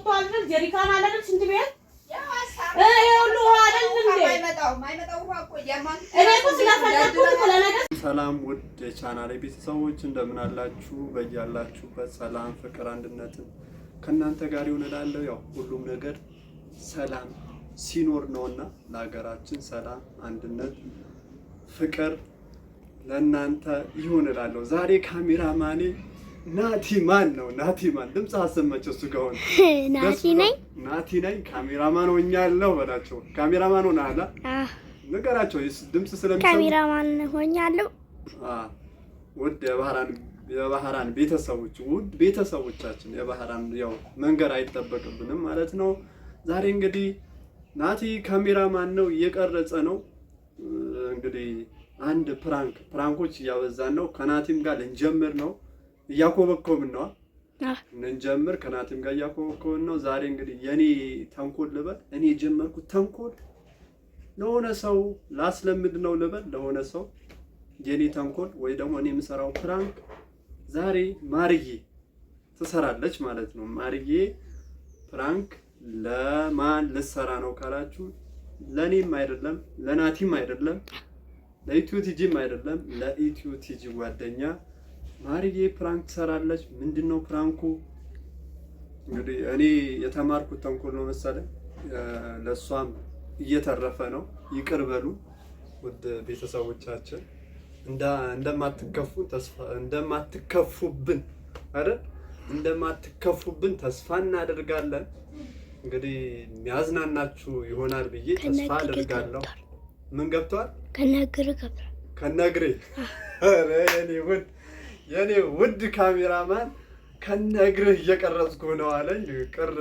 ሞቶ አልፈል ጀሪካን አለ አይደል? ሽንት ቤት ሰላም ውድ የቻናሌ ቤተሰቦች እንደምን አላችሁ? በያላችሁበት ሰላም፣ ፍቅር፣ አንድነትን ከእናንተ ጋር ይሁን እላለሁ። ያው ሁሉም ነገር ሰላም ሲኖር ነውና ለሀገራችን ሰላም፣ አንድነት፣ ፍቅር ለእናንተ ይሁን እላለሁ። ዛሬ ካሜራ ማኔ ናቲ ማን ነው? ናቲ ማን ድምፅ አሰማቸው። እሱ ከሆነ ናቲ ነኝ፣ ናቲ ነኝ ካሜራማን ሆኛ ሆኛለሁ በላቸው። ካሜራማን ሆነሃል ንገራቸው። ድምፅ ስለሚሰሙ ካሜራማን ሆኛ ሆኛለሁ። ውድ የባህራን የባህራን ቤተሰቦች ውድ ቤተሰቦቻችን የባህራን ያው መንገድ አይጠበቅብንም ማለት ነው። ዛሬ እንግዲህ ናቲ ካሜራማን ነው፣ እየቀረጸ ነው እንግዲህ አንድ ፕራንክ ፕራንኮች እያበዛን ነው። ከናቲም ጋር ልንጀምር ነው እያኮበኮብን ነዋ። እንጀምር ከናቲም ጋር እያኮበኮብን ነው። ዛሬ እንግዲህ የኔ ተንኮል ልበል እኔ የጀመርኩት ተንኮል ለሆነ ሰው ላስለምድ ነው ልበል ለሆነ ሰው የኔ ተንኮል ወይ ደግሞ እኔ የምሰራው ፕራንክ ዛሬ ማርዬ ትሰራለች ማለት ነው። ማርዬ ፕራንክ ለማን ልሰራ ነው ካላችሁ ለእኔም አይደለም ለናቲም አይደለም ለኢትዮ ቲጂም አይደለም ለኢትዮ ቲጂ ጓደኛ ማሪዬ ፕራንክ ትሰራለች። ምንድን ነው ፕራንኩ? እንግዲህ እኔ የተማርኩት ተንኮል ነው መሰለኝ። ለእሷም እየተረፈ ነው። ይቅር በሉ ውድ ቤተሰቦቻችን፣ እንደማትከፉብን አይደል? እንደማትከፉብን ተስፋ እናደርጋለን። እንግዲህ የሚያዝናናችሁ ይሆናል ብዬ ተስፋ አደርጋለሁ። ምን ገብቷል? ከነግሬ ከነግሬ ኧረ እኔ ውድ የኔ ውድ ካሜራማን ከነግርህ እየቀረጽኩ ነው አለኝ። ቅር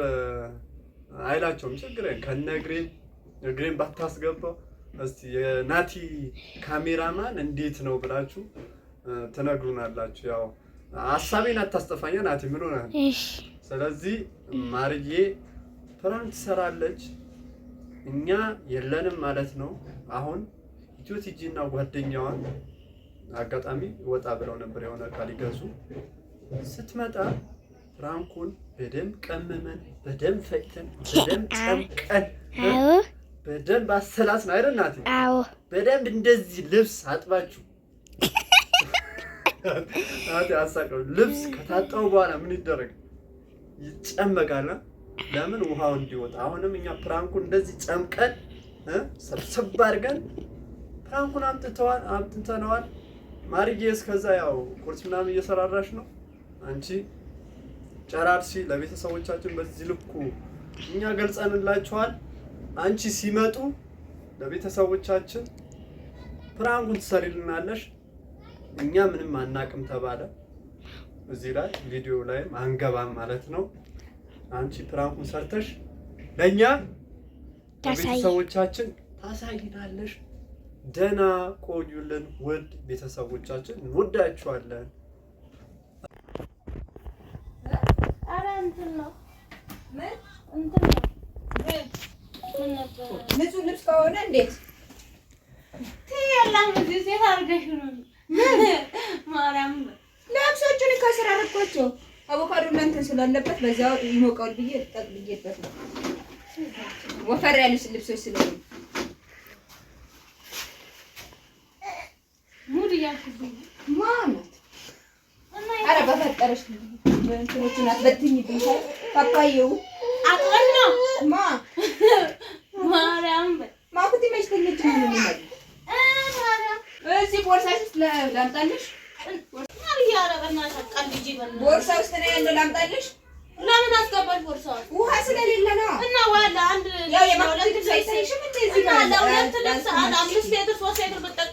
አይላቸውም፣ ችግር ከነግሬ እግሬን ባታስገባው እስቲ የናቲ ካሜራማን እንዴት ነው ብላችሁ ትነግሩናላችሁ። ያው ሀሳቤን አታስጠፋኛ ናቲ፣ ምን ሆነ? ስለዚህ ማርዬ ፕራንክ ትሰራለች፣ እኛ የለንም ማለት ነው። አሁን ኢትዮ ቲጂ እና ጓደኛዋን አጋጣሚ ወጣ ብለው ነበር የሆነ እቃ ሊገዙ። ስትመጣ ፍራንኩን በደንብ ቀመመን፣ በደንብ ፈጭተን፣ በደንብ ጨምቀን፣ በደንብ አሰላስን አይደል እናቴ? በደንብ እንደዚህ ልብስ አጥባችሁ አሳቀው። ልብስ ከታጠው በኋላ ምን ይደረግ? ይጨመቃል። ለምን ውሃው እንዲወጣ። አሁንም እኛ ፕራንኩን እንደዚህ ጨምቀን ሰብሰብ አድርገን ፕራንኩን አምጥተዋል አምጥተነዋል። ማርዬ እስከዛ ያው ቁርስ ምናምን እየሰራራሽ ነው አንቺ ጨራርሲ። ለቤተሰቦቻችን በዚህ ልኩ እኛ ገልጸንላችኋል። አንቺ ሲመጡ ለቤተሰቦቻችን ፕራንኩን ትሰሪልናለሽ፣ እኛ ምንም አናቅም ተባለ። እዚህ ላይ ቪዲዮ ላይም አንገባም ማለት ነው። አንቺ ፕራንኩን ሰርተሽ ለእኛ ለቤተሰቦቻችን ታሳይናለሽ። ደህና ቆዩልን ውድ ቤተሰቦቻችን፣ እንወዳችኋለን። ንጹህ ልብስ ከሆነ እንዴት ትያለሽ? ነው ከስራ አቮካዶ ስላለበት በዚያው ይሞቃል ብዬ ጠቅልዬበት ነው ወፈር ልብሶች ስለሆኑ ማናት? ኧረ በፈጠረሽ እንትኖቹን አትበትኝብኝ። ፓፓዬው አጥወና ማ ቦርሳ ውስጥ ነው ያለው፣ ላምጣልሽ? ለምን አስገባሽ ቦርሳውን? ውሃ ስለሌለ ነው። እና ዋላ አንድ ያው የማኩቲ ልብስ አይሰይሽም አምስት ሌትር ሶስት ሌትር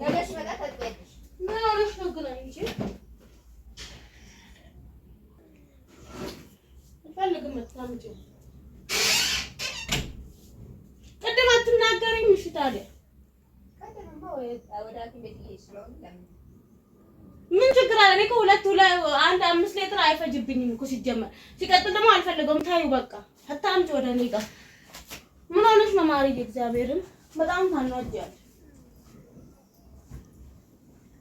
ምን ሆነሽ ነው ግን አንቺ? ቅድም አትናገሪም። እሺ ታዲያ ምን ችግር አለ? እኔ እኮ ሁለት አንድ አምስት ሌትር አይፈጅብኝም እኮ ሲጀመር። ሲቀጥል ደግሞ አልፈልገውም። ታዩ በቃ አታምጪው ወደ እኔ ጋር። ምን ሆነሽ ነው እግዚአብሔርን በጣም ታናጅ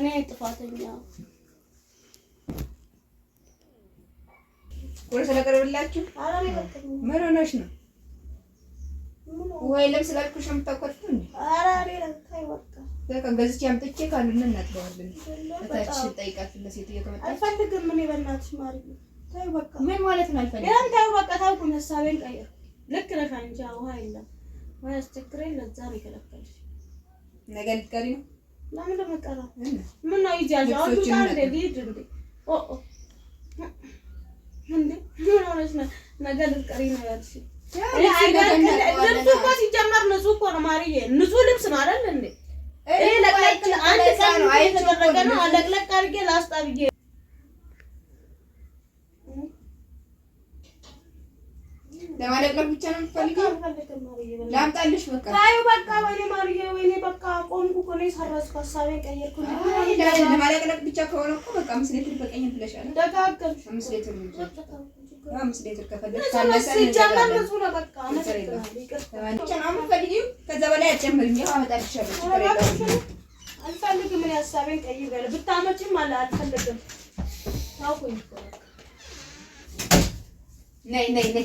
እኔ ጥፋተኛ ወይ ስለቀረብላችሁ ምን ሆነሽ ነው? ወይ ልብስ ስላልኩሽ ነው የምታኮርፊው እንዴ? ኧረ በቃ ገዝቼ አምጥቼ ካሉን እናጥበዋለን። እታች ጠይቃት ለሴትዮ አልፈልግም። እኔ በእናትሽ ማርዬ ተይው በቃ። ምን ማለት ነው አልፈልግም? ተይው በቃ ተውኩኝ። ሀሳቤን ቀይር። ልክ ነሽ አንቺ። ውሃ የለም ወይ አስቸግረኝ። ለዛ ነው የከለከልሽ። ነገ ልትቀሪ ነው ለምን ለመጠራ ምን ነው ይጃጅ አሁን ዱቃ እንደ ሊድ እንደ ኦ ኦ እንደ ምን ሆነሽ ነው? ነገ ልትቀሪ ነው ያልሽ? ልብሱ እኮ ሲጀመር ንጹህ እኮ ነው ማርዬ፣ ንጹህ ልብስ ነው አይደል እንዴ? ይሄ ለቅለቅ አንድ ቀን የተደረገ ነው። ለቅለቅ አድርጌ ላስጣ ብዬ መጥለቅ ብቻ ነው የምትፈልጊው? ላምጣልሽ። በቃ ታዩ በቃ ወይኔ ማርዬ ወይኔ በቃ ቆምኩ እኮ ነው የሰረዝኩ ሀሳቤን ቀየርኩ። ለማለቅለቅ ብቻ ከሆነ እኮ በቃ አምስት ሌትር በቀኝ ብለሻል። ደጋገምሽ። አምስት ሌትር ነው አምስት ሌትር ከፈለግሽ ሲጀመር ከዛ በላይ አጨምርም። ያው አመጣልሻለሁ። አልፈልግም። እኔ ሀሳቤን ቀይሬያለሁ። ብታመጪም አልፈልግም። ታውቁኝ ነይ ነይ ነይ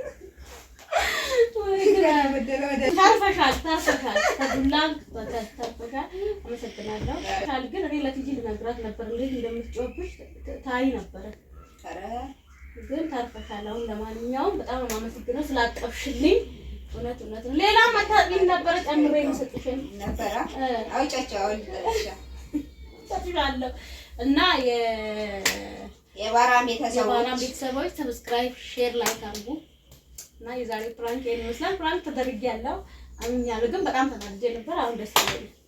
ተርፈሻል፣ ተርፈሻል፣ ተጉላም ግን እኔ ለትጂ ልነግራት ነበር እንዴት እንደምትጮብሽ ታይ ነበረ፣ ግን ተርፈሻል። አሁን ለማንኛውም በጣም ነው የማመሰግነው እውነት እውነት ነው። ሌላም አታጥቢም ነበረ ጨምሬ የምሰጥሽን ነበረ እና የባራም ቤተሰቦች ሰብስክራይብ፣ ሼር፣ ላይክ አድርጉ። እና የዛሬ ፕራንክ ይሄን ይመስላል። ፕራንክ ተደርጌ ያለው አምኛለሁ፣ ግን በጣም ተናድጄ ነበር። አሁን ደስ ይላል።